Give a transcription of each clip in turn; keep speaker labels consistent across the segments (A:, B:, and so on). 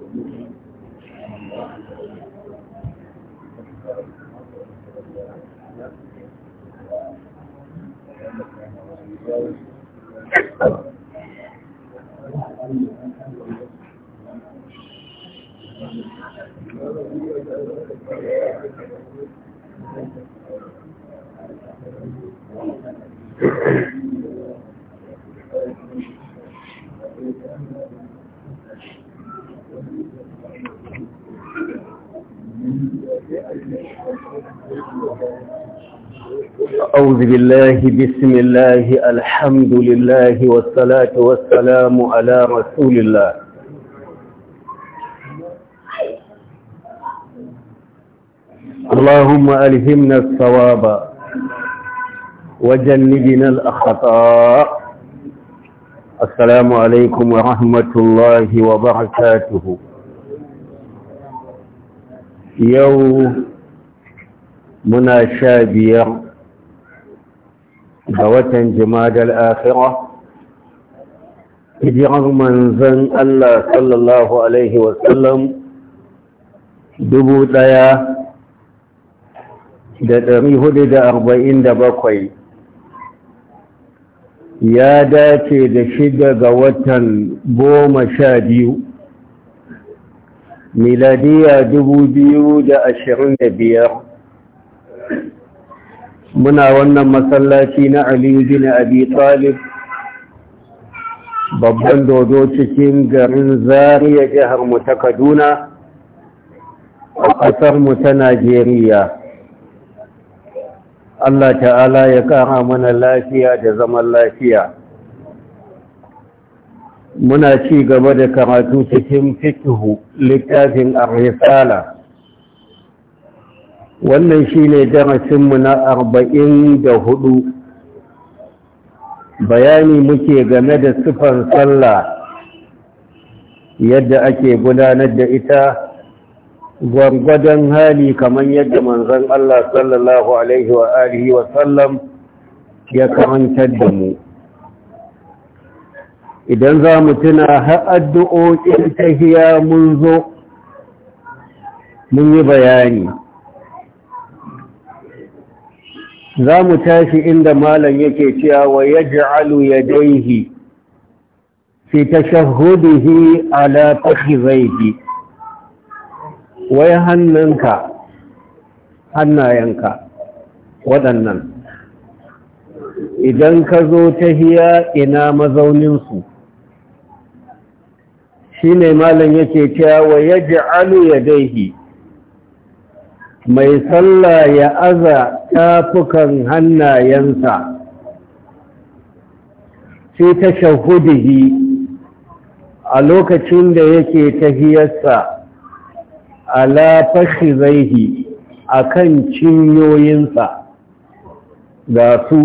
A: Thank you.
B: أعوذ بالله بسم الله الحمد لله والصلاة والسلام على رسول الله اللهم ألهمنا الصواب وجنبنا الأخطاء السلام عليكم ورحمة الله وبركاته يوم منا شابير ga watan jimadar akhira hijirar manzan Allah sallallahu Alaihi wasallam dubu ɗaya da ɗari hudu da arba'in da bakwai ya dace da shida ga watan goma sha biyu miladiya dubu biyu da ashirin da biyar muna wannan masallaci na aliyu bin abi talib babban dodo cikin garin zariya jihar mu ta kaduna mu ta najeriya allah ta'ala ya ƙara mana lafiya da zaman lafiya muna ci gaba da karatu cikin fikihu littafin ar-risala wannan shi ne darasinmu na arba'in da hudu bayani muke game da sifan sallah yadda ake gudanar da ita gwargwadon hali kamar yadda manzon Allah sallallahu alaihi wa alihi wa sallam ya karantar da mu idan za mu tuna har ta tahiya mun zo mun yi bayani za mu tashi inda malam yake cewa wa ya daihi fi tashahhudihi ala fakhidhayhi wai hannunka hannayenka waɗannan idan ka zo ta hiya ina mazauninsu shi ne malam yake cewa wa ya daihi mai sallah ya aza tafukan hannayensa sai ta shahudihi a lokacin da yake tahiyarsa ala fashi zaihi a kan cinyoyinsa ga su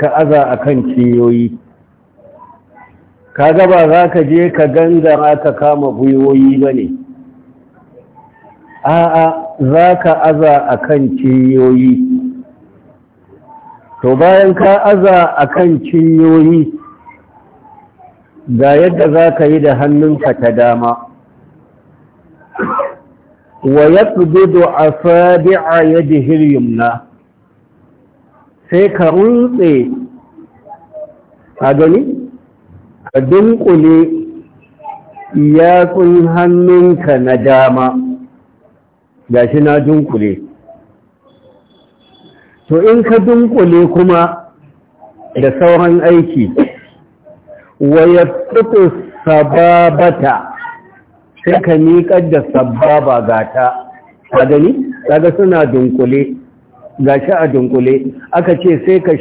B: ka aza a kan cinyoyi ka gaba za ka je ka gangara ka kama gwiwoyi ba ne a'a za ka aza a kan to bayan ka aza a kan ciyoyi ga yadda za ka yi da hannunka ta dama wa ya tsubido a sabi'a ya yumna sai ka rutse a gani ka dunkule iyakun hannunka na dama gashi na dunkule to in ka dunkule kuma da sauran aiki wa yaqtu sababata sai ka miƙar da sababa gata ka gani kaga suna dunkule gashi a dunkule aka ce sai ka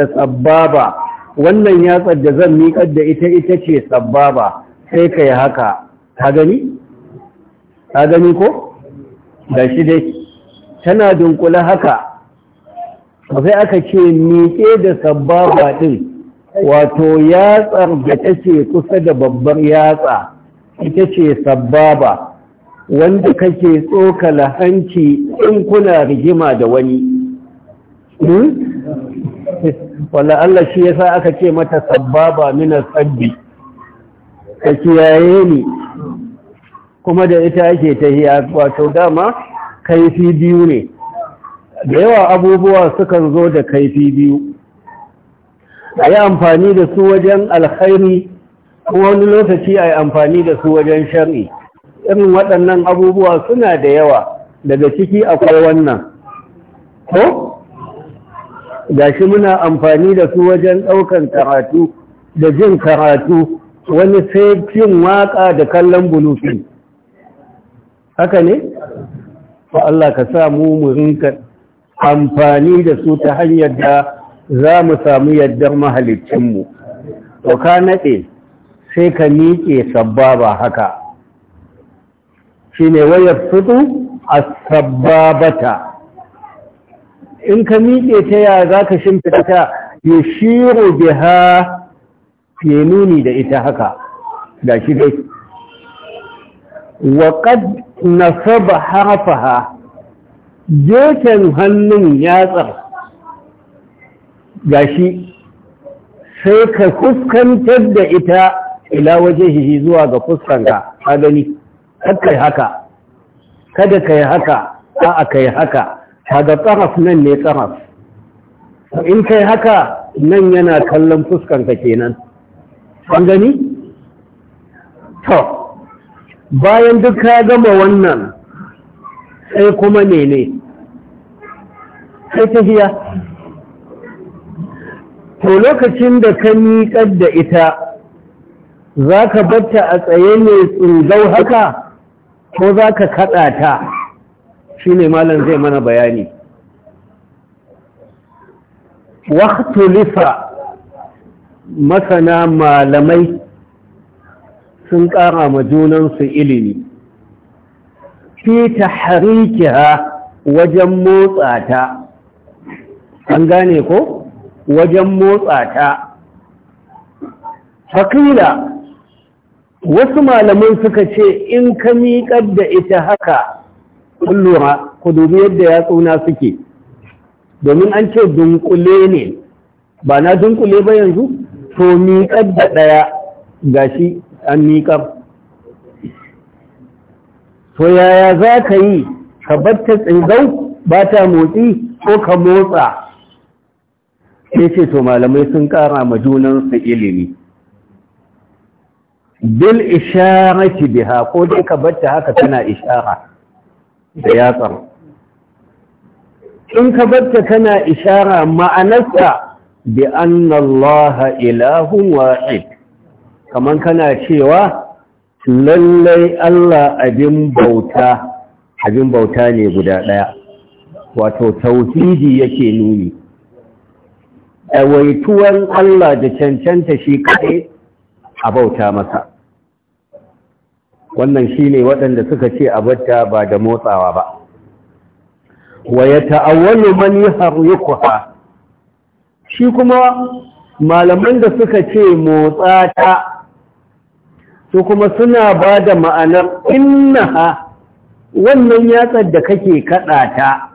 B: da sababa wannan ya da zan miƙar da ita ita ce sababa sai ka yi haka ka gani? ka gani ko? ga shi dai tana dunkula haka sai aka ce miƙe da sababa ɗin wato yatsar da take kusa da babbar yatsa ita ce sababa wanda kake tsokala hanci in kuna rigima da wani hmm? wala Allah shi yasa aka ce mata sababa mina sabbi ka kiyaye ni kuma da ita ake tahiya wato dama kaifi biyu ne da yawa abubuwa sukan zo da kaifi biyu a yi amfani da su wajen alkhairi ko wani lokaci a yi amfani da su wajen shari'i irin waɗannan abubuwa suna da yawa daga ciki akwai wannan ko gashi muna amfani da su wajen ɗaukan karatu da jin karatu wani sai jin waƙa da kallon bulufin haka ne fa Allah ka sa mu mu rinka amfani da su ta hanyar da za mu samu yaddar mahalicinmu to ka naɗe sai ka miƙe sababa haka shi ne wayar fito a sabbabata. in ka miƙe ta ya za ka shimfita ta ya shiro biha ke nuni da ita haka Da shi dai nasaba harfaha jeken hannun yatsar gashi sai ka fuskantar da ita ila wajehihi zuwa ga fuskanka ka gani kai haka kada kai haka a'a kai haka kaga tsaraf nan ne tsaraf in kai haka nan yana kallon fuskanka kenan an gani to bayan duk ka gama wannan sai kuma mene sai tafiya. to lokacin da ka miƙar da ita za ka batta a tsaye ne zau haka ko za ka kaɗa ta shi ne malam zai mana bayani waktulifa masana malamai sun ƙara ma junansu ilimi fi ta harikiha wajen motsa ta an gane ko wajen motsa ta fakila wasu malaman suka ce in ka miƙar da ita haka kullura ku dubi yadda ya tsuna suke domin an ce dunkule ne ba na dunkule ba yanzu to miƙar da ɗaya gashi an miƙar to yaya za ka yi ka batta tsingau ba ta motsi ko ka motsa sai ce to malamai sun ƙara ma junansu ilimi bil ishara ki biha ko dai ka batta haka tana ishara da yatsar in ka batta kana ishara ma'anarsa bi anna allaha ilahun wahid kamar kana cewa lallai Allah abin bauta abin bauta ne guda ɗaya wato tauhidi yake nuni ɗawaituwan Allah da cancanta shi kaɗai a bauta masa wannan shi ne waɗanda suka ce a ba da motsawa ba wa ya ta'awwalu man yahruquha shi kuma malaman da suka ce motsata. su kuma suna ba da ma'anar innaha wannan yatsar da kake kaɗa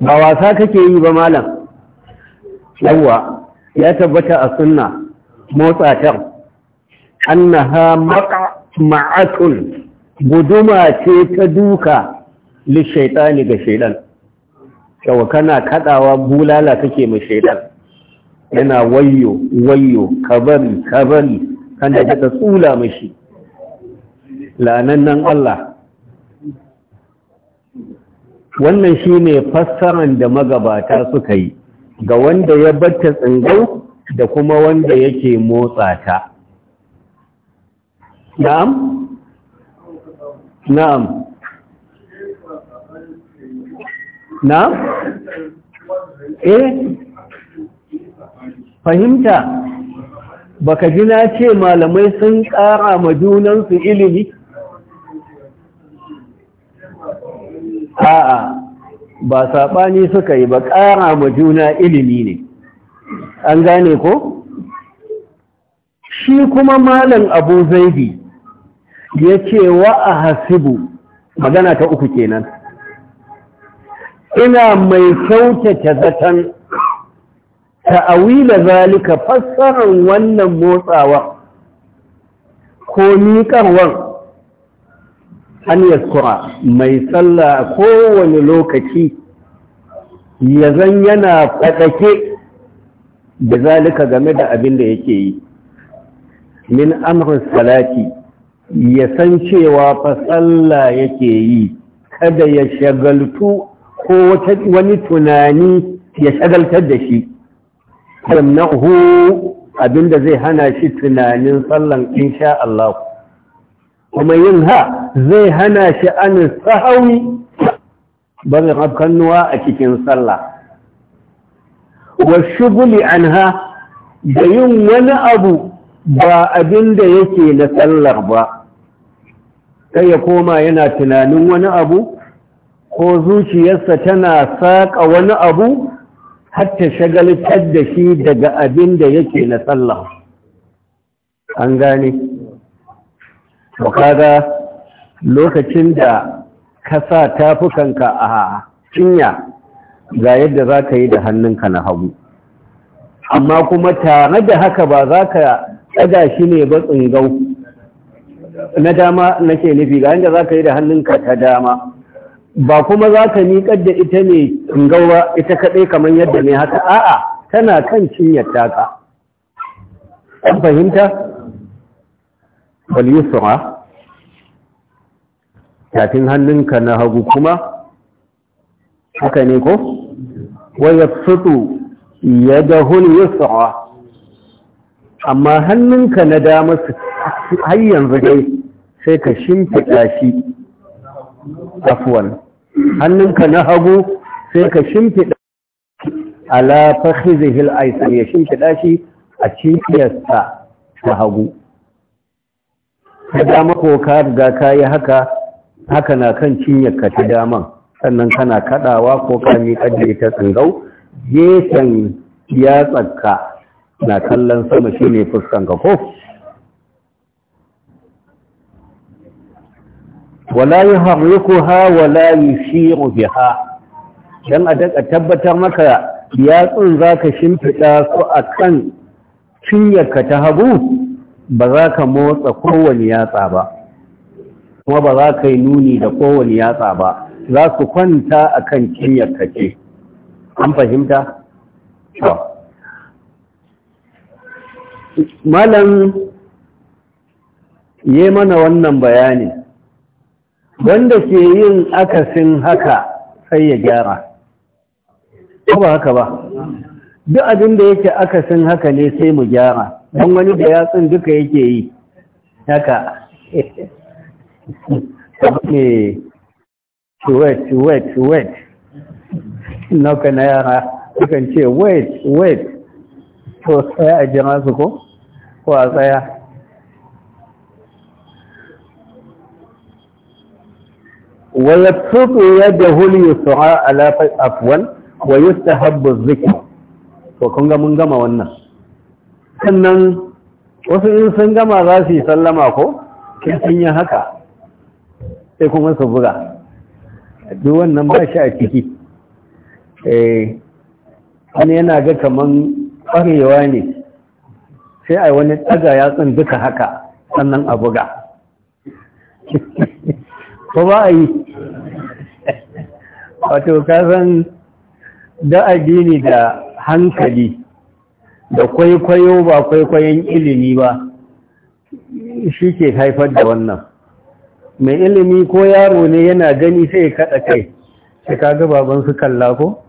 B: ba wasa kake yi ba malam yawwa ya tabbata a suna sunna motsatar annaha ma'atun guduma ce ta duka lishaitani ga shaidan yawa kana kaɗawa bulala kake mai shaidan yana wayo wayo kabari kabari kan da ta tsula mashi lanannan Allah wannan shi ne fassaran da magabata suka yi ga wanda ya batta tsingau da kuma wanda yake motsa ta na'am na'am
A: na'am eh fahimta
B: baka ji na ce malamai sun ƙara ma junansu ilimi a'a ba saɓani suka yi ba ƙara ma juna ilimi ne an gane ko shi kuma malam abu zaidi ya ce wa a hasibu magana ta uku kenan ina mai kyautata zaton ta'awila zalika fassarar wannan motsawa ko miƙarwar an yaskura mai tsalla kowane lokaci ya zan yana faɗake da zalika game da abin da yake yi min amrin salati ya san cewa fasalla yake yi kada ya shagaltu ko wani tunani ya shagaltar da shi yamna'uhu abinda zai hana shi tunanin sallan insha Allah kuma yin ha zai hana shi an sahawi zai kafkanuwa a cikin sallah wa shuguli anha da yin wani abu ba abinda yake na sallar ba sai ya koma yana tunanin wani abu ko zuciyarsa tana saƙa wani abu har ta shagaltar da shi daga abin da yake na sallah an gane to kaga lokacin da ka sa tafukanka a cinya ga yadda za ka yi da hannunka na hagu amma kuma tare da haka ba za ka ɗaga shi ne ba tsingau na dama nake nufi ga yadda za ka yi da hannunka ta dama ba kuma za ka miƙar da ita ne gawa ita kaɗai kamar yadda ne haka a'a tana kan cinyar taka an fahimta wal yusra tafin hannunka na hagu kuma haka ne ko wa yabsutu yadahu al yusra amma hannunka na dama har yanzu dai sai ka shimfiɗa shi afuwan hannunka na hagu sai ka shimfiɗa ala fakhizihil aisan ya shimfiɗa shi a cikiyarsa ta hagu Ka dama ko ka riga ka yi haka haka na kan cinyarka ta daman sannan kana kaɗawa ko ka miƙar da ita tsangau gefen yatsarka na kallon sama shi ne fuskanka ko wala yuharrikuha wala yushiru biha dan a daga tabbatar maka yatsun zaka shimfida su akan cinyarka ta hagu ba za ka motsa kowane yatsa ba kuma ba za ka yi nuni da kowane yatsa ba za su kwanta a kan cinyarka ce an fahimta? malam yi mana wannan bayani wanda ke yin akasin haka sai ya gyara ko ba haka ba duk abin da yake akasin haka ne sai mu gyara don wani da yatsun duka yake yi haka ne wet wet wet nauka na yara sukan ce wet wet to sai a jira su ko ko a tsaya wa yabsutu yadahu li yus'a ala afwan wa yustahabbu dhikr to kun ga mun gama wannan sannan wasu in sun gama za su yi sallama ko kin sun yi haka sai kuma su buga duk wannan ba shi a ciki eh wani yana ga kaman kwarewa ne sai a wani ya yatsun duka haka sannan a buga ko ba a yi wato kasan da addini da hankali da kwaikwayo ba kwaikwayon ilimi ba shi ke haifar da wannan mai ilimi ko yaro ne yana gani sai ya kaɗa kai shi kaga baban su kalla ko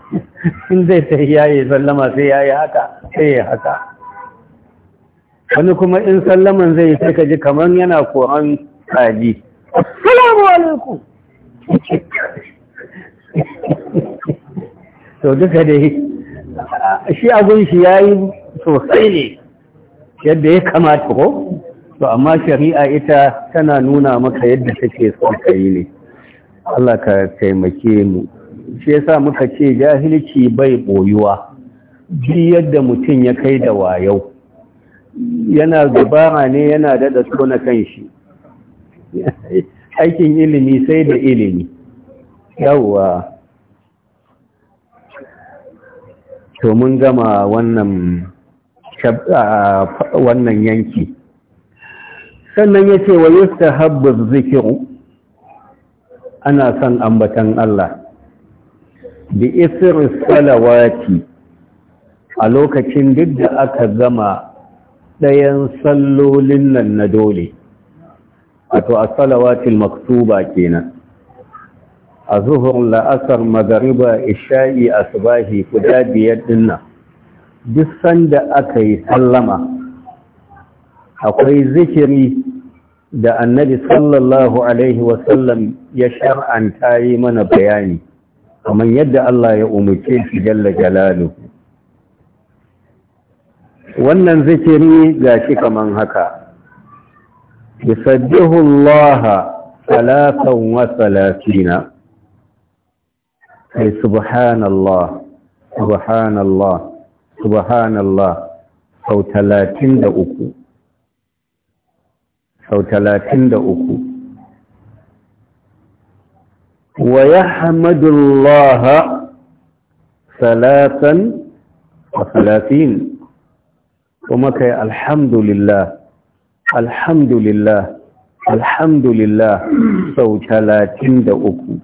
B: in zai sai yayi sallama sai yayi haka sai ya haka wani kuma in sallaman zai sai ka ji kamar yana koran kaji to duka dai shi abun shi ya yi sosai ne yadda ya kamata ko to amma shari'a ita tana nuna maka yadda take sosai ne Allah ka taimake mu shi yasa muka ce jahilci bai boyuwa ji yadda mutum ya kai da wayau yana dabara ne yana dada suna kan shi aikin ilimi sai da ilimi yawwa to mun gama wannan wannan yanki sannan ya ce wa yusta habbar zikiru ana son ambatan Allah bi isir salawati a lokacin duk da aka gama ɗayan sallolin nan na dole wato a salawatil maktuba kenan a zuhur la'asar magariba isha'i asbahi guda biyar dinnan duk sanda aka yi sallama akwai zikiri da annabi sallallahu alaihi wasallam ya shar'anta yi mana bayani kamar yadda Allah ya umuce shi jalla jalaluhu wannan zikiri shi kaman haka yusabbihu Allah salatan wa salatina kai subhanallah subhanallah subhanallah sau talatin da uku sau talatin da uku wa ya hamadullaha salatan wa salatin kuma kai alhamdulillah alhamdulillah alhamdulillah sau talatin da uku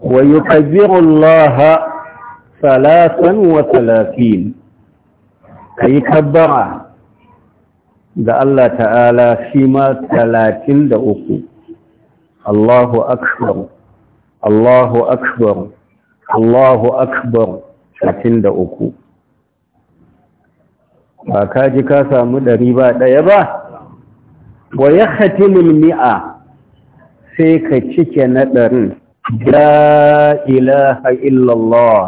B: ويكبر الله ثلاثا وثلاثين كي كبر da Allah ta'ala shi ma talatin da uku Allahu akbar Allahu akbar Allahu akbar talatin da uku ba ka ji ka samu ɗari ba ɗaya ba wa ya hatimul mi'a sai ka cike na ɗarin لا إله إلا الله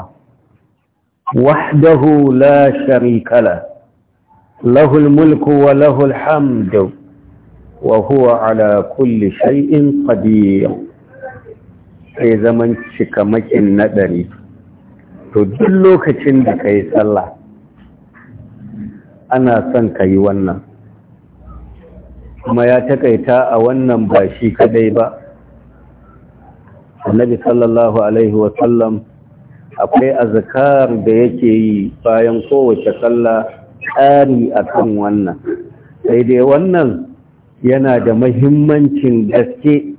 B: وحده لا شريك له له الملك وله الحمد وهو على كل شيء قدير sai zaman cikamakin naɗari to duk lokacin da ka yi sallah ana son ka yi wannan kuma ya takaita a wannan ba shi kadai ba annabi sallallahu alaihi wa sallam. akwai azkar da yake yi bayan kowace sallah tsari akan wannan sai dai wannan yana da mahimmancin gaske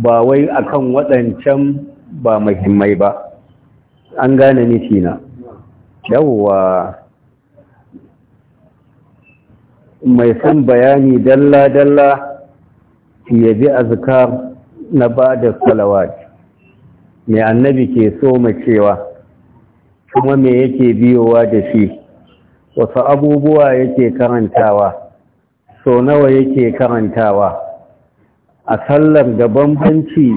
B: ba wai akan waɗancan ba muhimmai ba an gane nufi na yawwa mai son bayani dalla-dalla ya bi azkar na ba da salawat Me annabi ke so cewa kuma me yake biyowa da shi wasu abubuwa yake karantawa so nawa yake karantawa a sallar da bambanci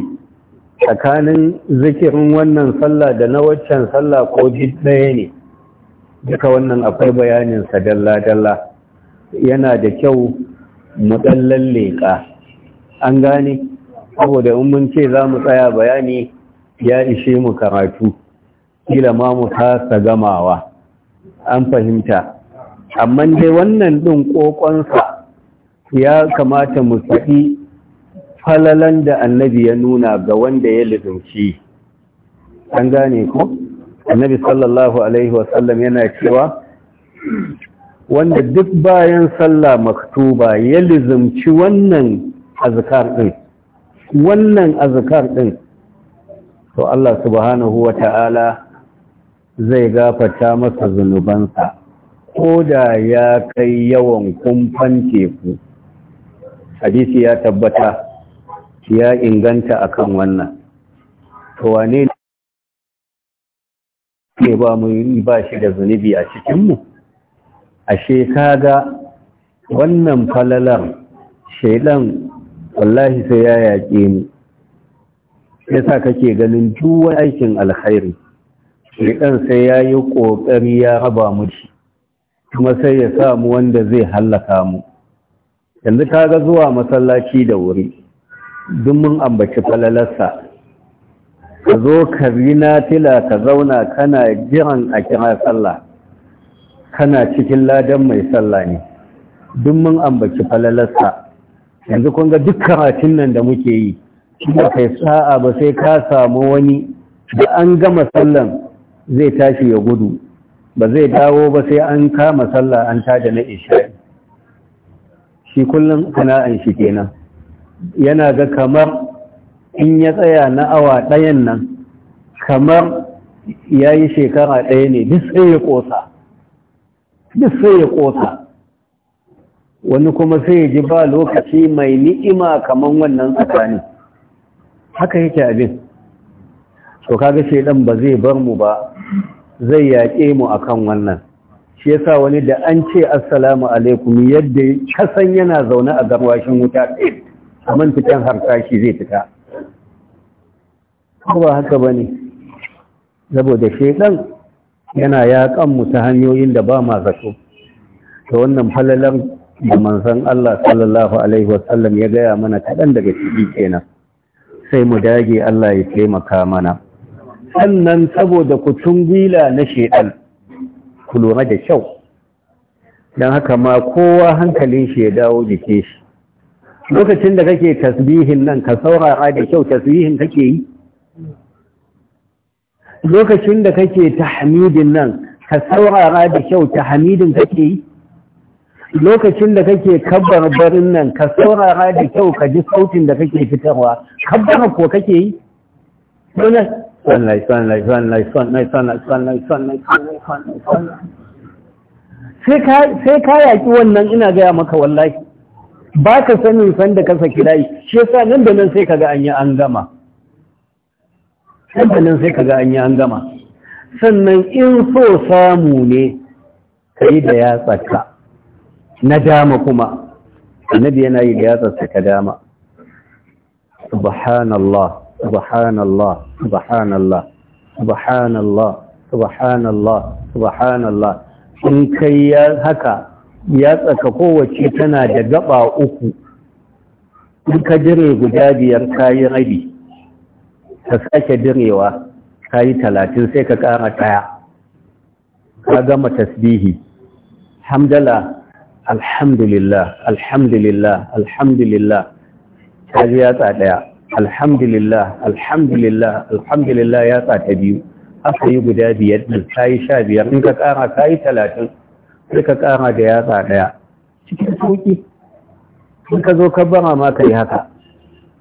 B: tsakanin zikirin wannan sallah da na waccan sallah ko ɗaya ne duka wannan akwai bayaninsa dalla-dalla yana da kyau mu leƙa an gane saboda in mun ce za mu tsaya bayani ya ishe mu karatu kila ma mu kasa gamawa an fahimta amma dai wannan ɗin ƙoƙonsa ya kamata mu faɗi falalan da annabi ya nuna ga wanda ya lizinci an gane ko annabi sallallahu alaihi wasallam yana cewa wanda duk bayan sallah maktuba ya lizimci wannan azkar ɗin wannan azkar ɗin to Allah subhanahu wa Ta'ala zai gafata masa zunubansa ko da ya kai yawan kumfan teku hadisi ya tabbata ya inganta akan wannan to wane ne ba mu yi ba shi da zunubi a cikinmu ashe shekaga wannan falalar shaidan wallahi sai ya yaƙe mu yasa kake ganin duwan aikin alkhairi ɗan sai ya yi ƙoƙari ya raba mu shi kuma sai ya samu wanda zai hallaka mu yanzu ga zuwa masallaci da wuri duk mun ambaci falalarsa ka zo ka rina tila ka zauna kana jiran a kira sallah kana cikin ladan mai sallah ne duk mun ambaci falalarsa yanzu kun ga duk karatun nan da muke yi ba kai sa'a ba sai ka samu wani da an gama sallan zai tashi ya gudu ba zai dawo ba sai an kama sallah an tada na isha'i shi kullum kana'an shi kenan yana ga kamar in ya tsaya na awa ɗayan nan kamar ya yi shekara ɗaya ne duk sai ya ƙosa duk sai ya ƙosa wani kuma sai ya ji ba lokaci mai ni'ima kamar wannan tsakanin haka yake abin to kaga shi dan ba zai bar mu ba zai yake mu akan wannan shi yasa wani da an ce assalamu alaikum yadda kasan yana zaune a garwashin wuta a man harka shi zai fita ko ba haka bane saboda shi dan yana yakan mu ta hanyoyin da ba ma zato to wannan falalan da manzon Allah sallallahu alaihi wasallam ya gaya mana kaɗan daga ciki kenan sai mu dage Allah ya taimaka mana sannan saboda kutun gwila na shedan ku lura da kyau don haka ma kowa hankalin shi ya dawo jike shi lokacin da kake tasbihin nan ka saurara da kyau tasbihin kake yi lokacin da kake tahmidin nan ka saurara da kyau tahmidin kake yi lokacin da kake kabbar barin nan ka saurara da kyau ka ji sautin da kake fitarwa kabbar ko kake yi dole sallai sallai sallai sallai sallai sallai sallai sallai sai ka yaki wannan ina gaya maka wallahi ba ka sanin sanda ka saki layi shi yasa nan da nan sai kaga an yi an gama nan da nan sai kaga an yi an gama sannan in so samu ne kai da ya tsaka na dama kuma annabi yana yi da ta dama subhanallah subhanallah subhanallah subhanallah subhanallah subhanallah in kai ya haka ya tsaka kowace tana da gaba uku in ka dire guda biyar kayi rabi ka sake direwa kayi talatin sai ka kara taya. ka gama tasbihi hamdala alhamdulillah alhamdulillah alhamdulillah kaji ya tsa alhamdulillah alhamdulillah alhamdulillah ya tsa biyu aka yi guda biyar din sha biyar in ka kara kayi talatin sai ka kara da yatsa daya cikin sauki in ka zo ka bara ma ka yi haka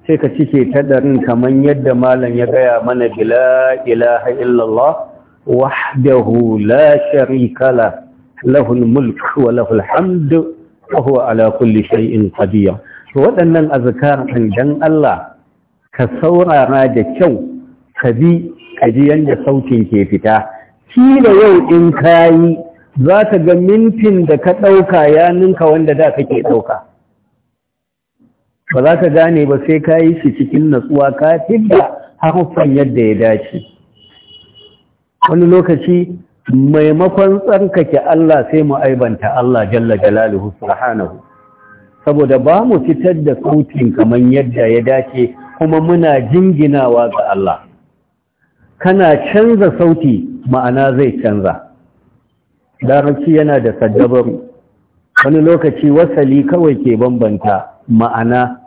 B: sai ka cike ta darin kamar yadda malam ya gaya mana bila ilaha illallah wahdahu la sharika la له الملك وله الحمد وهو على كل شيء قدير waɗannan azkar ɗin dan Allah ka saurara da kyau ka bi ka ji yanda sautin ke fita kila yau in kayi za ka ga mintin da ka ɗauka ya ninka wanda da kake ɗauka ba za ka gane ba sai ka yi shi cikin natsuwa ka da haruffan yadda ya dace wani lokaci maimakon tsarkake Allah sai mu aibanta Allah jalla jalaluhu subhanahu saboda ba mu fitar da sautin kamar yadda ya dace kuma muna jinginawa ga Allah kana canza sauti ma'ana zai canza larabci yana da saddabar wani lokaci wasali kawai ke bambanta ma'ana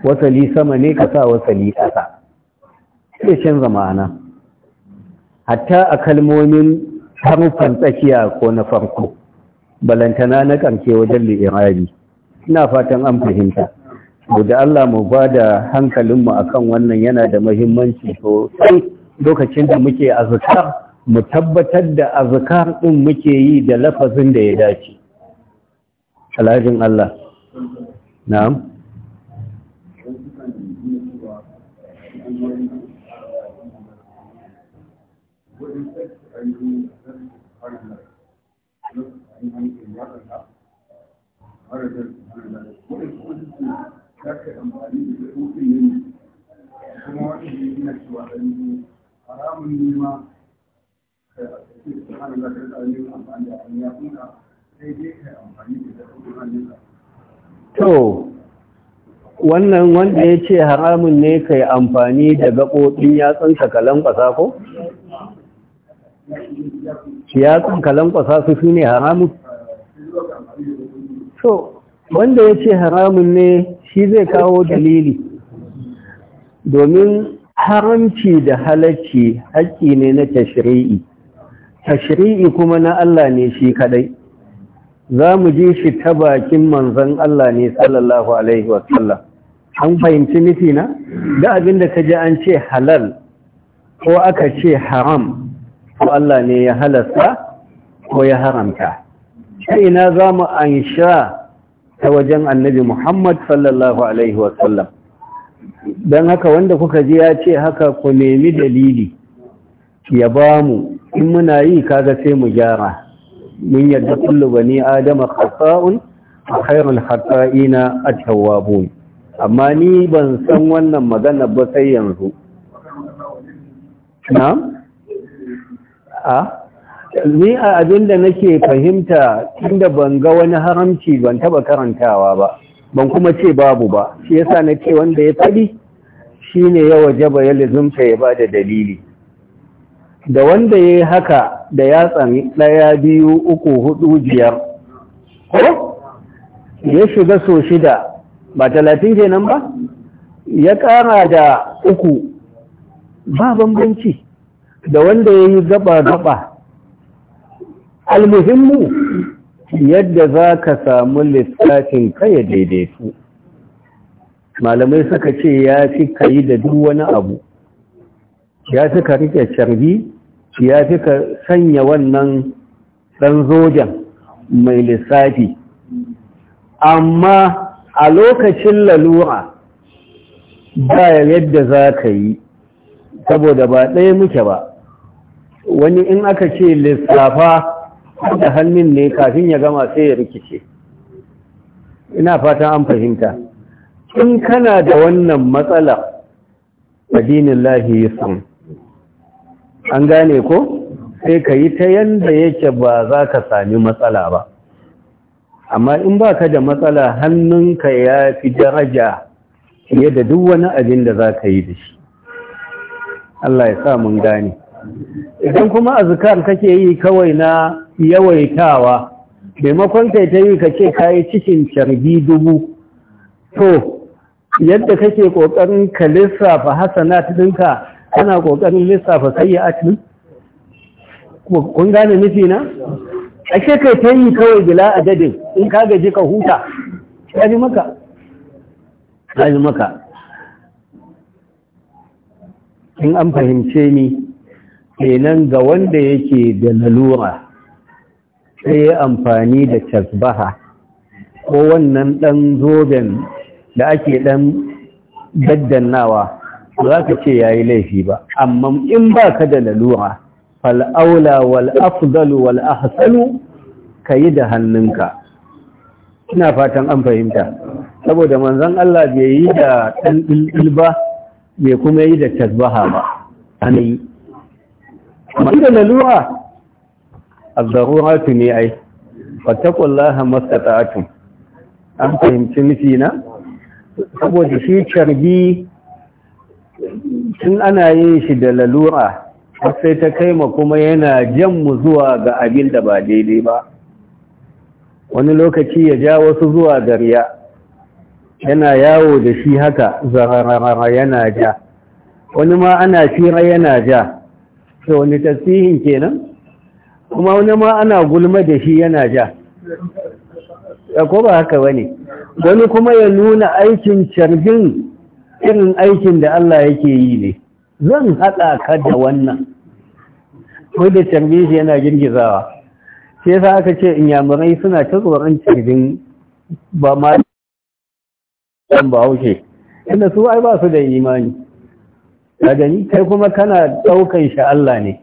B: wasali sama ne ka sa wasali ƙasa sai canza ma'ana hatta a kalmomin harufan tsakiya ko na farko balantana na ƙarshe wajen li'irari ina fatan an fahimta da Allah mu ba da hankalinmu kan wannan yana da mahimmanci sosai lokacin da muke azkar mu tabbatar da azkar ɗin muke yi da lafazin da ya dace alhajin Allah na'am To, wannan wanda ya ce haramun ne ka amfani da gaɓoɓin yatsunsa ka lankwasa ko? ciyatsun kalankwasa su su ne haramun so wanda ya ce haramun ne shi zai kawo dalili domin haramci da halarci haƙƙi ne na tashiri'i. Tashiri'i kuma na Allah ne shi kadai za mu ji shi ta bakin manzan Allah ne sallallahu alaihi wasallam an fahimci nufi na da abinda ka ji an ce halal ko aka ce haram ko Allah ne ya halasta ko ya haramta ta ina za mu ta wajen annabi Muhammad sallallahu Alaihi wasallam don haka wanda kuka ji ya ce haka ku nemi dalili ya ba mu in muna yi kaga sai mu gyara mun yadda kullu bani adama khasa'un a khairul ina a tawabun amma ni ban san wannan magana ba sai yanzu na?
A: a ni
B: a abin da nake fahimta inda ban ga wani haramci ban taba karantawa ba ban kuma ce babu ba shi yasa nake wanda ya faɗi shine ya waje ba ya lizumta ya bada dalili da wanda ya haka da ya tsami ɗaya biyu uku hudu biyar ko ya shiga so shida ba talatin kenan ba ya ƙara da uku ba bambanci da wanda ya yi gaba-gaba almuhimmu yadda za ka samu lissafin kaya daidaitu malamai suka ce ya fi ka yi da duk wani abu ya fi ka rike carbi ya fi ka sanya wannan ɗan zojan mai lissafi amma a lokacin lalura ba yadda za ka yi saboda ba ɗaya muke ba wani in aka ce lissafa da hannun ne kafin ya gama sai ya rikice ina fata an fahimta
A: in kana da
B: wannan matsala madinin lahi yasan an gane ko sai ka yi ta yanda yake ba za ka sami matsala ba amma in ba ka da matsala hannunka ya fi daraja fiye da duk wani abin da za ka yi da shi Allah ya sa mun gane idan kuma azkar kake yi kawai na yawaitawa maimakon kai ta yi ka ce ka yi cikin carbi dubu to yadda kake ƙoƙarin ka lissafa hasanat dinka kana ƙoƙarin lissafa sayyi'at ɗin kun gane nufi na ashe kai ta yi kawai bila adadin in ka gaji ka huta kai ji maka kai ji maka in an fahimce ni kenan ga wanda yake da lalura sai ya amfani da tasbaha ko wannan ɗan zoben da ake ɗan daddannawa za ka ce ya yi laifi ba amma in ba ka da lalura fal'aula wal'afzalu wal'ahasalu ka yi da hannunka ina fatan an fahimta saboda manzan Allah bai yi da ɗan ɗilɗil ba bai kuma yi da tasbaha ba amma da lalura zarura zaruratu ne ai fattaqullaha mastata'tum an fahimci nufi na saboda shi carbi tun ana yin shi da lalura sai ta kai ma kuma yana jan mu zuwa ga abin da ba daidai ba wani lokaci ya ja wasu zuwa gariya yana yawo da shi haka zararara yana ja wani ma ana fira yana ja So wani tasihin kenan kuma wani ma ana gulma da shi yana ja ko ba haka wani wani kuma ya nuna aikin cargin irin aikin da Allah yake yi ne zan haɗa ka da wannan ko da cargin shi yana girgizawa sai sa aka ce inyamurai suna ta tsoron cargin ba ma ba hauke inda su ai ba su da imani ka gani kai kuma kana ɗaukan shi Allah ne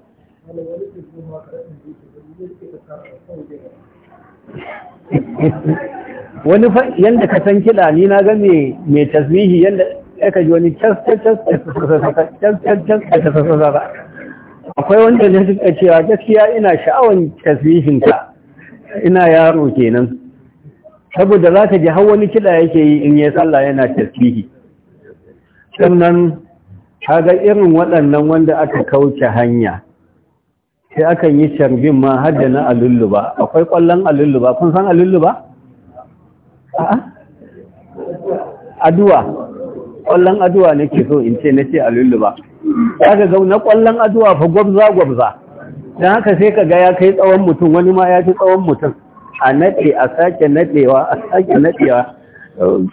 A: wani yadda ka
B: san kiɗa ni na ga me tasbihi yadda aka ji wani akwai wanda na suka cewa gaskiya ina sha'awan ka. ina yaro kenan saboda za ka ji har wani kiɗa yake yi in ya sallah yana tasbihi. sannan kaga irin waɗannan wanda aka kauce hanya sai akan yi sharbin ma har da na alulluba akwai ƙwallon alulluba kun san alulluba? aduwa ƙwallon aduwa ke so in ce na ce alulluba aka ga zaune ƙwallon aduwa fa gwabza-gwabza don haka sai ka ga ya kai tsawon mutum wani ma ya fi tsawon mutum a naɗe a sake naɗewa a sake naɗewa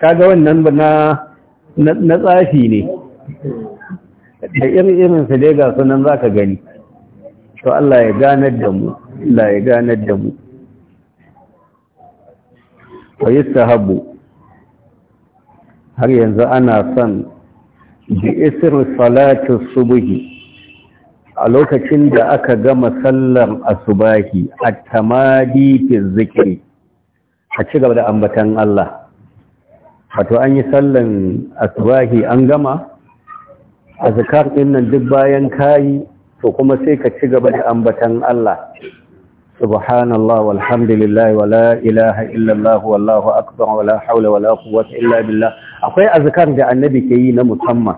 B: kaga wannan ba na tsafi ne da irin su dai ga sunan za ka gani to Allah ya ganar da mu Allah ya ganar da mu wa yastahabu har yanzu ana son bi isri salati subhi a lokacin da aka gama sallar asubahi at-tamadi fi zikri a ci gaba da ambatan Allah wato an yi sallan asubahi an gama azkar din nan duk bayan kayi to kuma sai ka ci gaba da ambatan Allah subhanallah walhamdulillah wala ilaha illallah wallahu akbar wala haula wala quwwata illa billah akwai azkar da annabi ke yi na musamman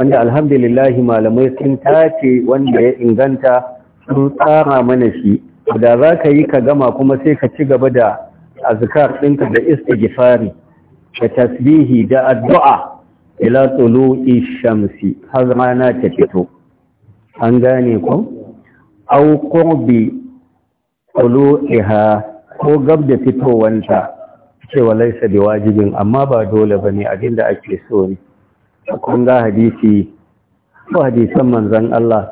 B: wanda alhamdulillah malamai sun tace wanda ya inganta sun tsara mana shi da za ka yi ka gama kuma sai ka ci gaba da azkar ɗinka da istighfari da tasbihi da addu'a ila tsulu'i shamsi har rana ta fito an gane ko au qurbi tulu'iha ko gab da fitowanta cewa laisa da wajibin amma ba dole bane abinda ake so ne kun ga hadisi ko hadisan manzon Allah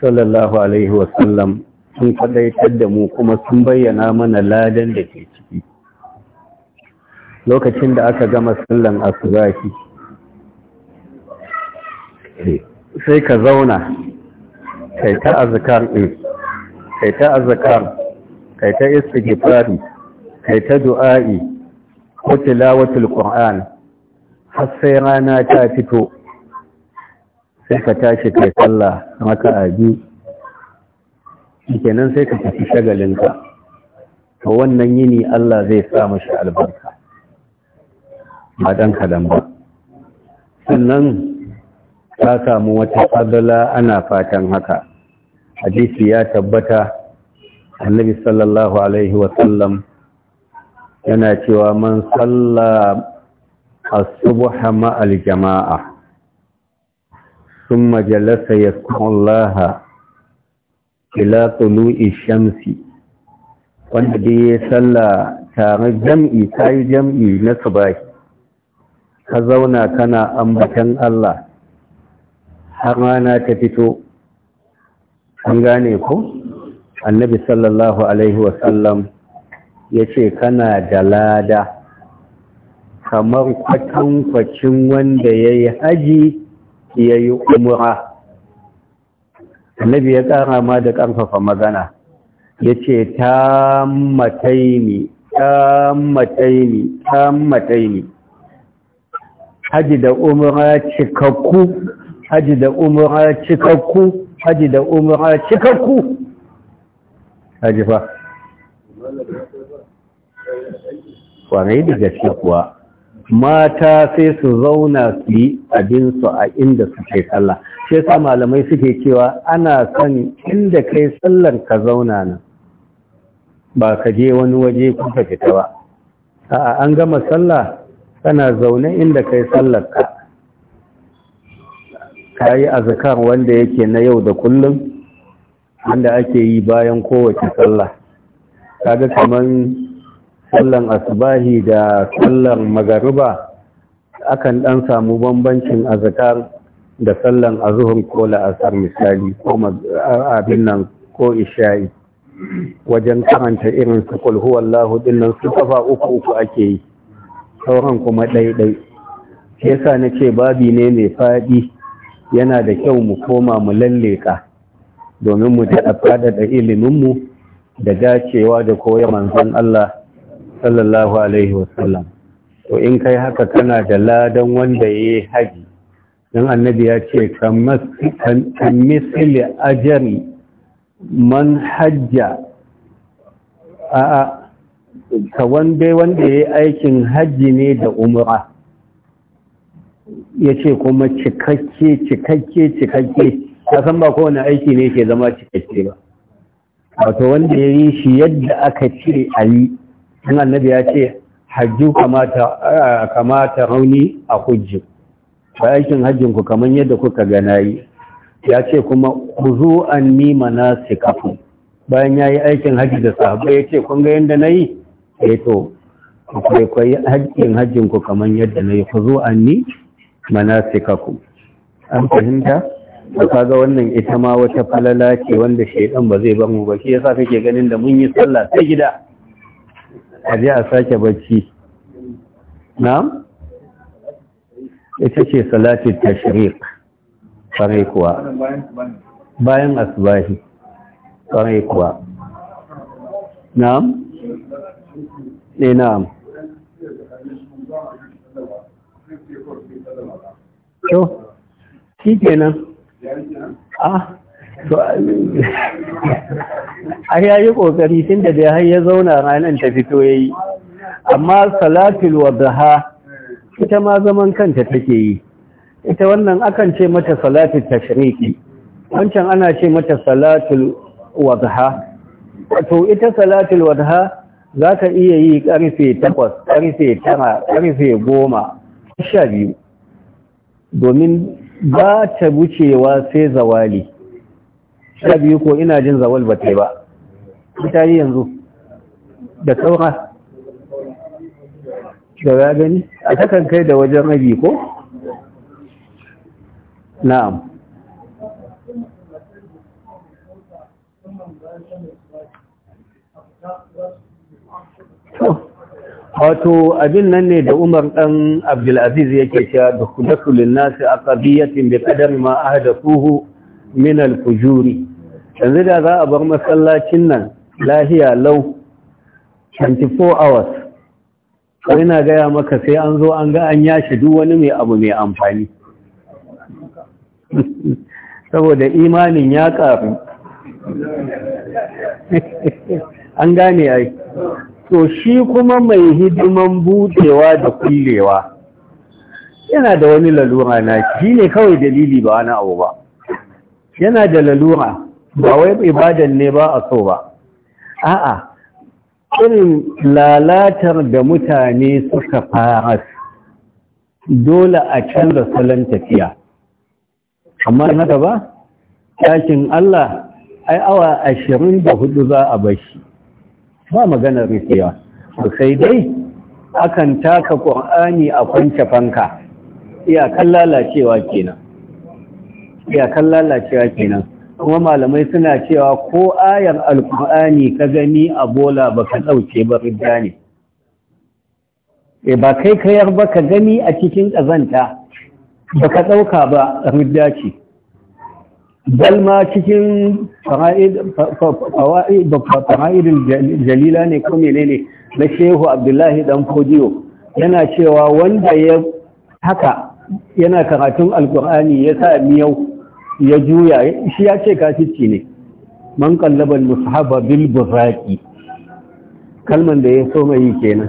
B: sallallahu alaihi wasallam sun kwadaitar da mu kuma sun bayyana mana ladan da ke ciki lokacin da aka gama sallan asubahi sai ka zauna kai ta azkar din kai ta azkar kai ta istighfari kai ta du'a'i ko tilawatul qur'an har sai rana ta fito sai ka tashi kai sallah raka'a biyu kenan sai ka tafi shagalinka to wannan yini Allah zai sa mashi albarka ba dan kadan ba sannan ta samu wata fadala ana fatan haka hadisi ya tabbata annabi sallallahu alaihi wasallam yana cewa man salla as-subha ma'al jama'a thumma jalasa yasma'u Allah ila tulu'i shamsi wanda dai ya salla tare jam'i tayi jam'i na subahi ka zauna kana ambatan Allah har rana ta fito an gane ku annabi sallallahu alaihi wasallam ya ce kana da lada kamar kwatankwacin wanda ya yi haji ya yi umura annabi ya kara ma da karfafa magana ya ce ta mataini ta mataini ta mataini haji da umura cikakku haji da umura cikakku haji da umura cikakku haji fa kwanai da gaske kuwa mata sai su zauna su yi abinsu a inda suke sallah shi yasa malamai suke cewa ana son inda kai sallar ka zauna nan ba ka je wani waje kuka fita ba a'a an gama sallah kana zaune inda kai sallar ka ka yi azkar wanda yake na yau da kullum wanda ake yi bayan kowace sallah kaga kaman sallan asbahi da sallan magariba akan dan samu bambancin azkar da sallan azuhur ko la'asar misali ko abin nan ko isha'i wajen karanta irin su kul huwallahu dinnan su kafa uku uku ake yi sauran kuma ɗaiɗai shi yasa nace babi ne mai faɗi yana da kyau mu koma mu lalleka domin mu daɗa faɗaɗa iliminmu da dacewa da koya manzon Allah sallallahu Alaihi wasallam. To in kai haka kana da ladan wanda ya yi haji, don annabi ya ce, kan misali ajar man hajja a ka wanda wanda ya yi aikin hajji ne da umra ya ce kuma cikakke cikakke cikakke ta san ba kowane aiki ne ke zama cikakke ba wato wanda ya yi shi yadda aka cire ayi, yi annabi ya ce hajju kamata ah, rauni a hujji ba aikin hajjinku kamar yadda kuka gana yi ya ce kuma ku zo an nima na sikafin bayan ya yi aikin hajji da sahabai ya ce kun ga yadda na yi ya eh to kwaikwayi aikin hajjinku kamar yadda na yi ku zo an ni manasikakum an fahimta da kaga wannan ita ma wata falala ce wanda shaidan ba zai bamu ba shi yasa kake ganin da mun yi sallah sai gida a je a sake bacci na'am
A: ita ce salatu tashriq
B: sai kuwa bayan asbahi sai kuwa
A: na'am ne eh, na'am to shi kenan a ah, a ya
B: yi ƙoƙari tun da dai ya zauna ranar ta fito ya yi amma salatul wadha ita ma zaman kanta take yi ita wannan akan ce mata salatul tashriki, wancan ana ce mata salatul wadha to ita salatul za ka iya yi ƙarfe takwas, ƙarfe tara, ƙarfe goma? sha biyu domin ba ta wucewa sai zawali sha biyu ko ina jin zawal ba ta yi ba ta yi yanzu
A: da saura
B: da ya gani a takan kai da wajen rabi ko na'am wato abin nan ne da umar ɗan abdulaziz yake cewa da kudatu linnasi a ƙabiyyatin bi ƙadar ma da suhu min alfujuri yanzu da za a bar masallacin nan lahiya lau 24 hours sai na gaya maka sai an zo an ga an yashi duk wani mai abu mai amfani saboda imanin ya ƙaru an gane ai to shi kuma mai hidiman budewa da kullewa yana da wani lalura na shi ne kawai dalili ba wani abu ba yana da lalura ba wai ibadan ne ba a so ba a'a irin lalatar da mutane suka fara dole a canza salon tafiya amma na ba, takin Allah ai awa ashirin da hudu za a bashi ba maganar rufewa sai dai akan taka ƙwa'ani a kwance fanka iyakan lalacewa kenan iyakan lalacewa kenan kuma malamai suna cewa ko ayar alkur'ani ka gani a bola ba ka ɗauke ba ridda ne e ba kai kayar ba ka gani a cikin ƙazanta ba ka ɗauka ba ridda ce balma cikin fawa'idul jalila ne ko ne na shehu abdullahi dan fodio yana cewa wanda ya haka yana karatun alkur'ani ya sa miyau ya juya shi ya ce kafici ne man kallaban mushaba bil buraki kalman da ya so mai kenan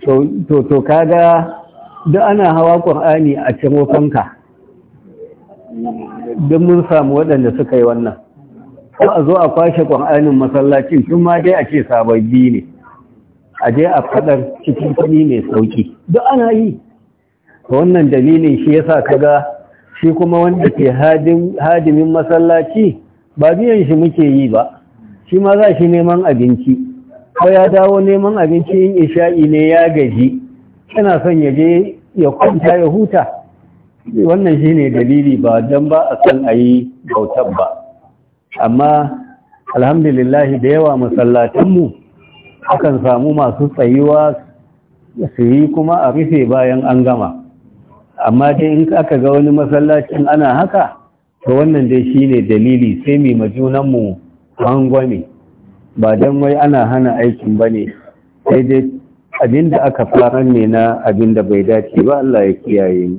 B: to to kaga duk ana hawa qur'ani a ciro fanka don mun samu waɗanda suka yi wannan ko a zo a kwashe ƙwan'anin masallacin tun ma dai a ce sababbi ne a je a faɗar cikin kuɗi mai sauƙi duk ana yi wannan dalilin shi ya sa ka ga. shi kuma wanda ke hadimin masallaci ba biyan shi muke yi ba shi ma za shi neman abinci ko ya dawo neman abinci in isha'i ne ya gaji yana son ya je ya kwanta ya huta wannan shi ne dalili ba don ba a san a yi bautar ba amma alhamdulillahi da yawa matsalatinmu akan samu masu tsayuwa su yi kuma a rufe bayan an gama amma dai in aka ga wani masallacin ana haka to wannan dai shi ne dalili sai mai majunanmu hangwane ba don wai ana hana aikin ba ne sai dai abinda aka fara ne na abinda bai dace ba Allah ya kiyaye ni.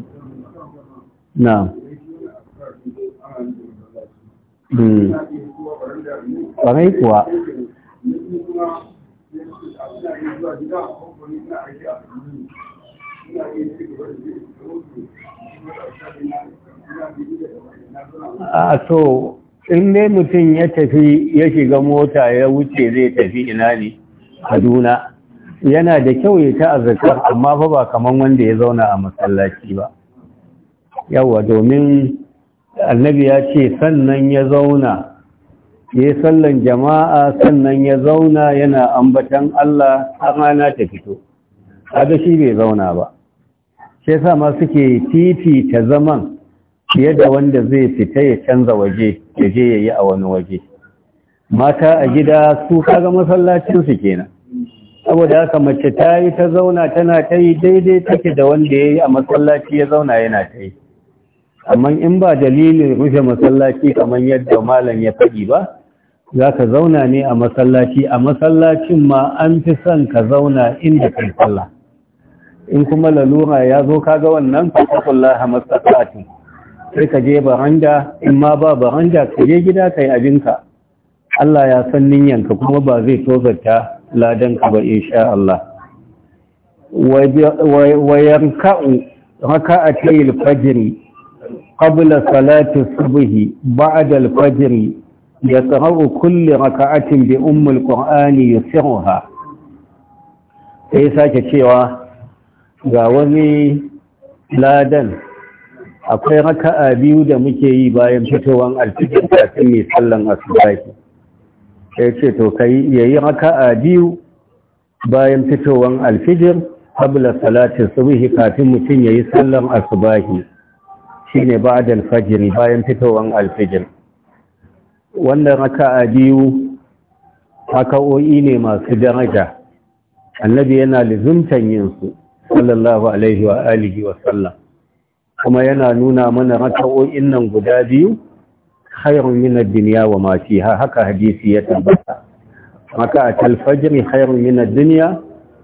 B: na
A: ƙwarai hmm. kuwa a
B: so in dai mutum ya tafi ya shiga mota ya wuce zai tafi ina ne kaduna yana da kyau ya ta amma fa ba kamar wanda ya zauna a masallaci ba yawa domin annabi ya ce sannan ya zauna ya yi sallan jama'a sannan ya zauna yana ambatan Allah amana ta fito kaga shi bai zauna ba shi yasa ma suke titi ta zaman fiye da wanda zai fita ya canza waje ya je ya yi a wani waje mata a gida su kaga masallacin su kenan saboda haka mace ta yi ta zauna tana ta yi daidai take da wanda ya yi a masallaci ya zauna yana ta yi amma in ba dalilin rufe masallaci kamar yadda malam ya faɗi ba za ka zauna ne a masallaci a masallacin ma an fi son ka zauna inda yi sallah in kuma lalura ya zo ka ga wannan fasakullah masallatin sai ka je baranda in ma ba baranda ka je gida yi abinka Allah ya san ninyanka kuma ba zai tozarta Ladan ka ba insha Allah wayan ka'u haka a tayil fajiri qabla salati subhi ba'da al ya yaqra'u kulli raka'atin bi ummi al-qur'ani yusirruha sai sake cewa ga wani ladan akwai raka'a biyu da muke yi bayan fitowar alfijir kafin mai sallan asubahi ya ce to kai yayi raka'a biyu bayan fitowar alfijir qabla salati subhi kafin mutum yayi sallar asbahi shine ba'da alfajr bayan fitowar alfijir wannan raka'a biyu raka'o'i ne masu daraja annabi yana lizumtan yin su sallallahu alaihi wa alihi wa sallam kuma yana nuna mana raka'o'in nan guda biyu hayar min ad wa ma fiha haka hadisi ya tabbata maka al hayar khairun min ad-dunya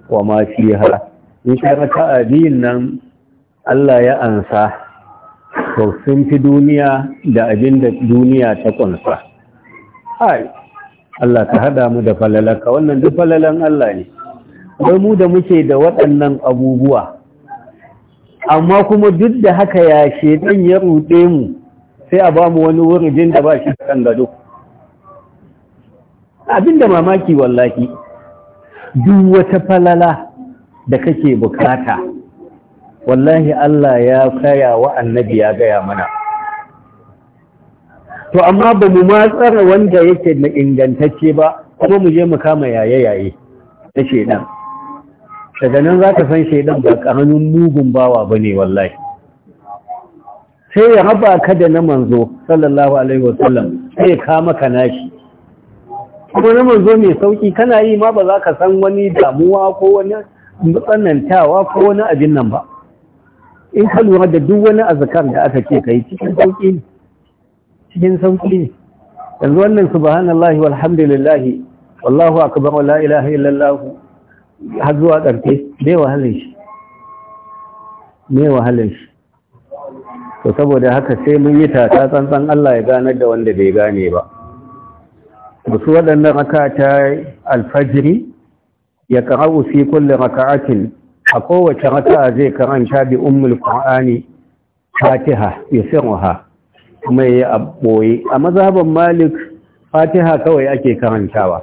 B: wa ma fiha in ka raka abin nan Allah ya ansa to sun fi duniya da abin duniya ta kunsa ai Allah ka hada mu da falalaka wannan duk falalan Allah ne wai mu da muke da waɗannan abubuwa amma kuma duk da haka yashe shedan ya ruɗe mu sai a bamu mu wani wurin da ba shi kan gado abin da mamaki wallahi duk wata falala da kake bukata wallahi Allah ya kaya wa annabi ya gaya mana to amma ba mu matsara wanda yake na ingantacce ba ko mu je mu kama yaye-yaye na shaidan daga nan za ka san shaidan ba ƙaramin mugun bawa ba ne wallahi sai ya haba ka da na manzo sallallahu alaihi wasallam sai ya kama ka nashi kuma na manzo mai sauki kana yi ma ba za ka san wani damuwa ko wani matsanantawa ko wani abin nan ba in ka lura da duk wani azkar da aka ce kai cikin sauki ne cikin sauki ne yanzu wannan subhanallahi walhamdulillahi wallahu akbar wala ilaha illallah har zuwa karfe bai wahalar shi bai wahalar shi to saboda haka sai mun yi tata tsantsan Allah ya ganar da wanda bai gane ba musu waɗannan rakata alfajiri ya qara'u fi kulli raka'atin a kowace raka'a zai karanta bi ummul qur'ani fatiha ya sirruha kuma ya a boye a mazhaban malik fatiha kawai ake karantawa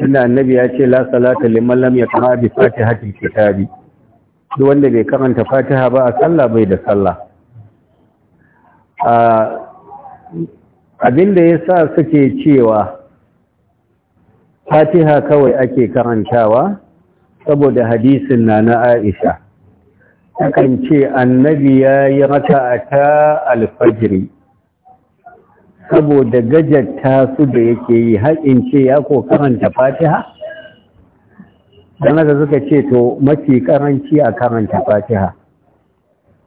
B: tunda annabi ya ce la salata liman lam yaqra bi fatihatil kitabi duk wanda bai karanta fatiha ba a sallah bai da sallah abinda ya sa suke cewa fatiha kawai ake karantawa saboda hadisin na na aisha akan ce annabi ya yi raka'ata alfajiri saboda gajata su da yake yi haƙin ce ya ko karanta fatiha don haka suka ce to mafi karanci a karanta fatiha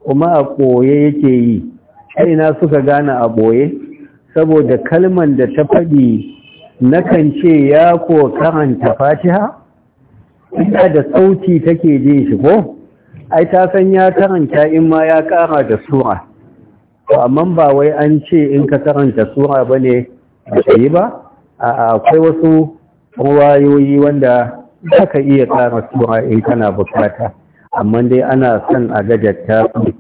B: kuma a koye yake yi ina suka gane a boye saboda kalman da ta faɗi nakan ce ya ko karanta fatiha ina da sauti take jin shi ko ai ta san ya karanta in ma ya kara da sura amma ba wai an ce in ka karanta sura bane ba yi akwai wasu ruwayoyi wanda za ka iya ƙara suwa in eh, kana bukata amma dai ana son a gajarta su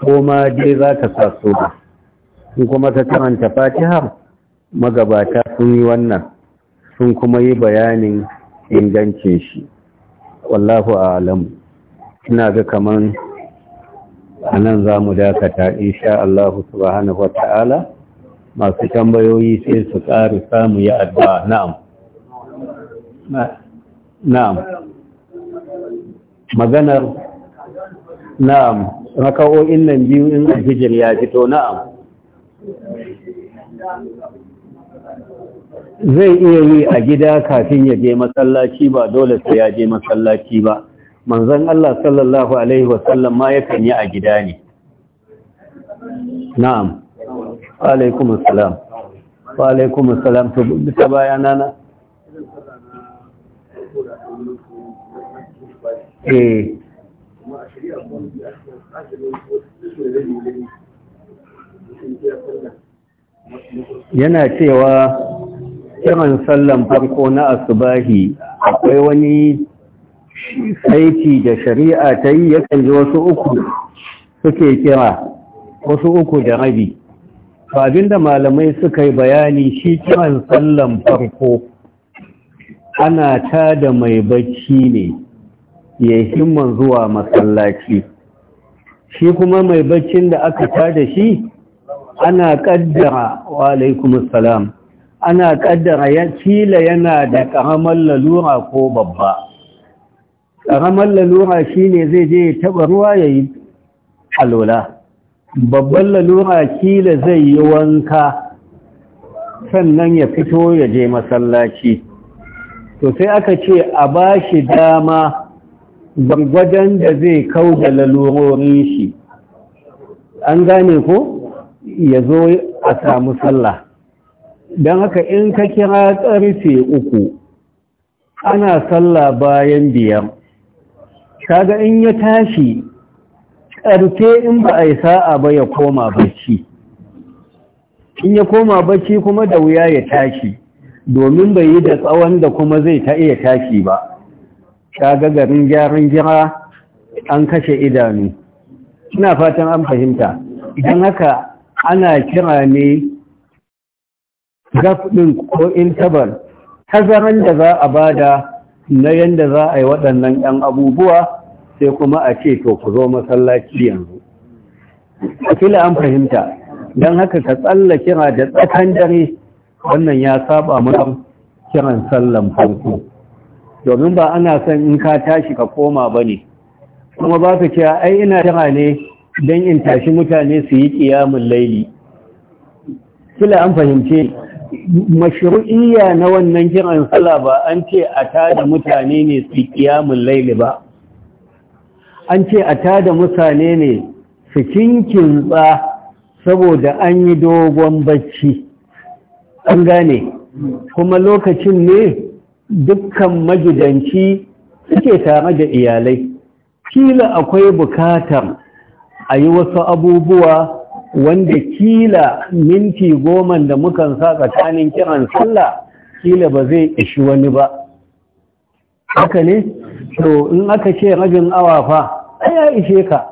B: ko ma dai za ka sa su ba kuma ka karanta fatiha magabata sun yi wannan sun kuma yi bayanin ingancin shi wallahu alamu ina ga kaman a nan za mu dakata insha Allah subhanahu wa ta'ala masu tambayoyi sai su ƙari samu ya addu'a na'am na'am
A: maganar na'am
B: raka'o'in nan biyu in alfijir ya fito na'am
A: zai iya yi a gida kafin
B: ya je masallaci ba dole sai ya je masallaci ba manzon Allah sallallahu alaihi wasallam ma yakan yi a gida ne na'am alaikum assalam wa alaikum assalam to ta bayana na
A: Eh. yana cewa
B: kiran sallan farko na asubahi akwai wani saiti da shari'a ta yi yakan ji wasu uku suke kira wasu uku da rabi abinda malamai suka yi bayani shi kiran sallan farko ana ta da mai bacci ne ya himman zuwa masallaci shi kuma mai baccin da aka ta da shi ana kaddara wa alaikumus salam ana kaddara ya kila yana da karamar lalura ko babba karamar lalura shi ne zai je ya taba ruwa yayi alola babban lalura kila zai yi wanka sannan ya fito ya je masallaci to sai aka ce a ba shi dama gwargwadon da zai kau da lalurorin shi an gane ko ya zo a samu sallah don haka in ka kira karfe uku ana sallah bayan biyar kaga in ya tashi ƙarfe in ba a yi sa'a ba ya koma bacci in ya koma bacci kuma da wuya ya tashi domin bai yi da tsawon da kuma zai ta iya tashi ba kaga garin gyaran gira an kashe idanu ina fatan an fahimta idan haka ana kira ne gafin ko intabar tazaran da za a bada na yadda za a yi waɗannan 'yan abubuwa sai kuma a ce to ku zo masallaci yanzu a fila an fahimta don haka ka tsalla kira da tsakan dare wannan ya saba mana kiran sallan farko domin ba ana son in ka tashi ka koma bane kuma ba ka cewa ai ina jira ne don in tashi mutane su yi ƙiyamun laili kila an fahimce mashru'iyya na wannan kiran sallah ba an ce a tada mutane ne su ƙiyamun laili ba an ce a tada mutane ne su kinkin ba saboda an yi dogon bacci an gane kuma lokacin ne dukkan majidanci suke tare da iyalai kila akwai bukatar a yi wasu abubuwa wanda kila minti goma da mukan sa tsakanin kiran sallah kila ba zai ishi wani ba haka ne to in aka ce rajin awa fa ya ishe ka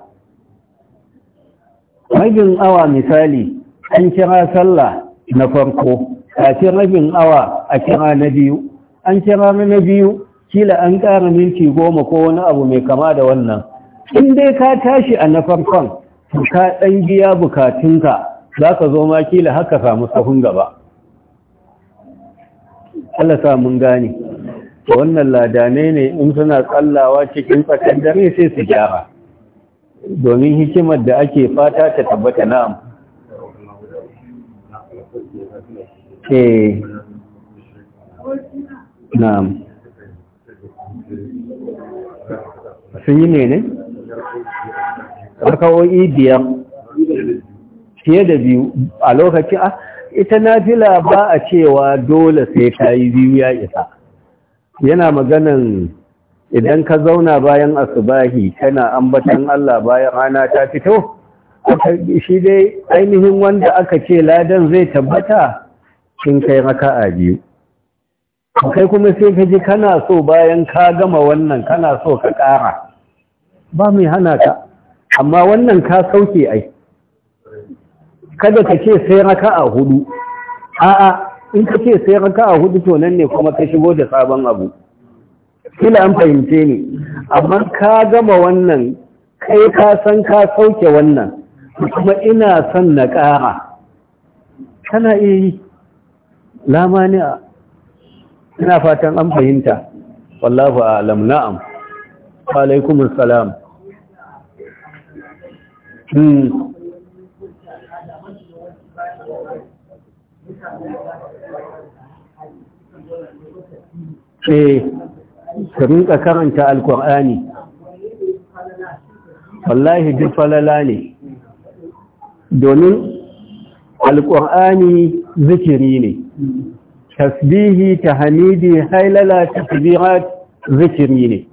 B: rajin awa misali an kira sallah na farko kafin rabin awa a kira na biyu an kira na biyu kila an ƙara minti goma ko wani abu mai kama da wannan in dai ka tashi a na farkon ka ɗan biya bukatunka za ka zo ma kila haka samu sahun gaba Allah samun gani. gane wannan ladanai ne in suna tsallawa cikin tsakar dare sai su gyara domin hikimar da ake fata
A: ta tabbata na'am eh
B: na'am sun yi mene rakawoyi biyar fiye da biyu a lokacin a ah, ita nafila ba a cewa dole sai ta yi biyu ya isa yana maganan idan ka zauna bayan asubahi tana ambatan Allah bayan rana ta fito shi dai ainihin wanda aka ce ladan zai tabbata in kai raka'a biyu kai kuma sai ka ji kana so bayan ka gama wannan kana so ka ƙara ba mai hana ka amma wannan ka sauke ai kada ka ce sai raka'a hudu a'a in ka ce sai raka'a hudu to nan ne kuma ka shigo da sabon abu kila an fahimce ni amma ka gama wannan kai ka san ka sauke wannan kuma ina son na ƙara kana iya yi Lamaniya ina fatan an fahimta wallahu alam na'am wa alaikumus salam hmm eh
A: ka rinka karanta
B: alkur'ani wallahi duk falala ne domin alƙur'ani zikiri ne tasbihi hamidi, hailala takbirat zikiri ne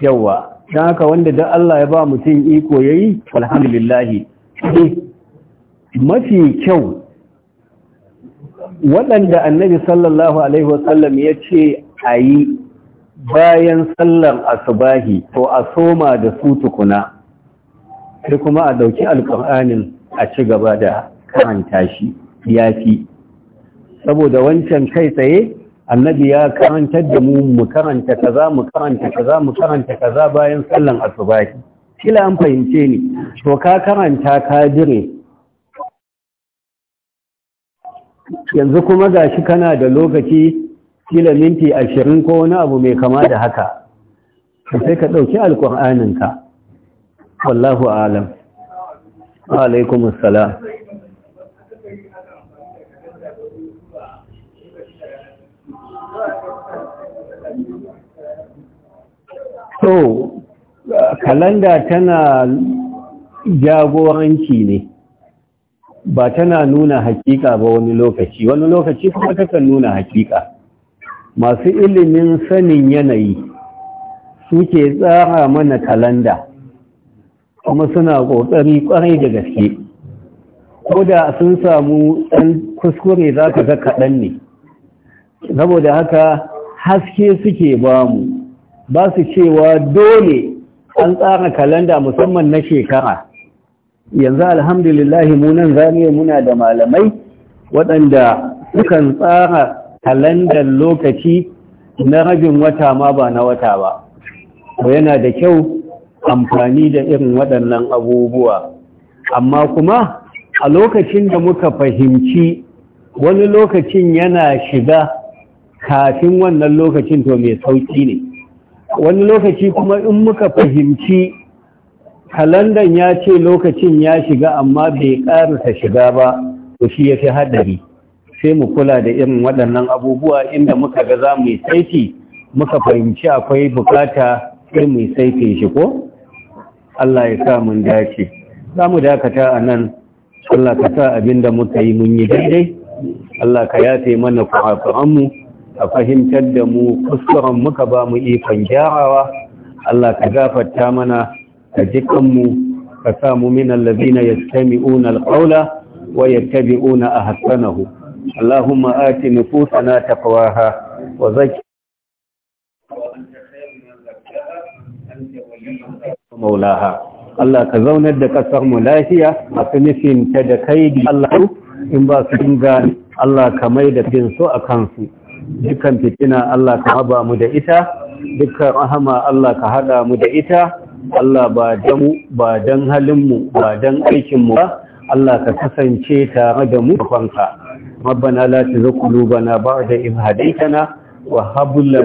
B: yawa dan haka wanda da Allah ya ba mutum iko yayi alhamdulillah mafi kyau waɗanda annabi sallallahu alaihi wasallam ya ce a yi bayan sallar asubahi to a soma da su tukuna sai kuma a ɗauki alƙur'anin a ci gaba da karanta shi ya fi saboda wancan kai tsaye annabi ya karantar da mu mu karanta kaza mu karanta kaza mu karanta kaza bayan sallan asubahi kila an fahimce ni to ka karanta ka dire. yanzu kuma gashi kana da lokaci kila minti ashirin ko wani abu mai kama da haka sai ka ɗauki alƙur'aninka wallahu alam
A: alaikum assalam to
B: kalanda tana jagoranci ne ba tana nuna hakika ba wani lokaci wani lokaci kuma takan nuna hakika masu ilimin sanin yanayi suke tsara mana kalanda kuma suna ƙoƙari ƙwarai da gaske ko da sun samu ɗan kuskure za ka ga kaɗan ne saboda haka haske suke bamu ba su cewa dole an tsara kalanda musamman na shekara yanzu alhamdulillahi munan zaniye muna da malamai waɗanda sukan tsara kalandar lokaci na rabin wata ma ba na wata ba yana da kyau amfani da irin waɗannan abubuwa amma kuma a lokacin da muka fahimci wani lokacin yana shiga kafin wannan lokacin to mai sauƙi ne wani lokaci kuma in muka fahimci kalandan ya ce lokacin ya shiga amma bai ƙarasa shiga ba to shi ya fi haɗari sai mu kula da irin waɗannan abubuwa inda muka ga za mu yi saiti muka fahimci akwai bukata sai mu yi saiti shi ko Allah ya sa mun dace za mu dakata a nan Allah ka sa abin da muka yi mun yi daidai Allah ka yafe mana mu a fahimtar da mu kuskuren muka ba mu ikon gyarawa Allah ka gafarta mana ka jikanmu ka sa mu min allazina yastami'una alqawla wa yattabi'una ahsanahu اللهم آت taqwaha wa وزكها maulaha Allah ka zaunar da kasar mu lafiya a nufin ta da kai Allah in ba su dinga Allah ka mai da bin su a kansu dukkan fitina Allah ka haba mu da ita dukkan rahama Allah ka hada mu da ita Allah ba dan ba dan halin mu ba dan aikin mu ba Allah ka kasance tare da mu kanka rabbana لا تزغ bada بعد إذ wa وهب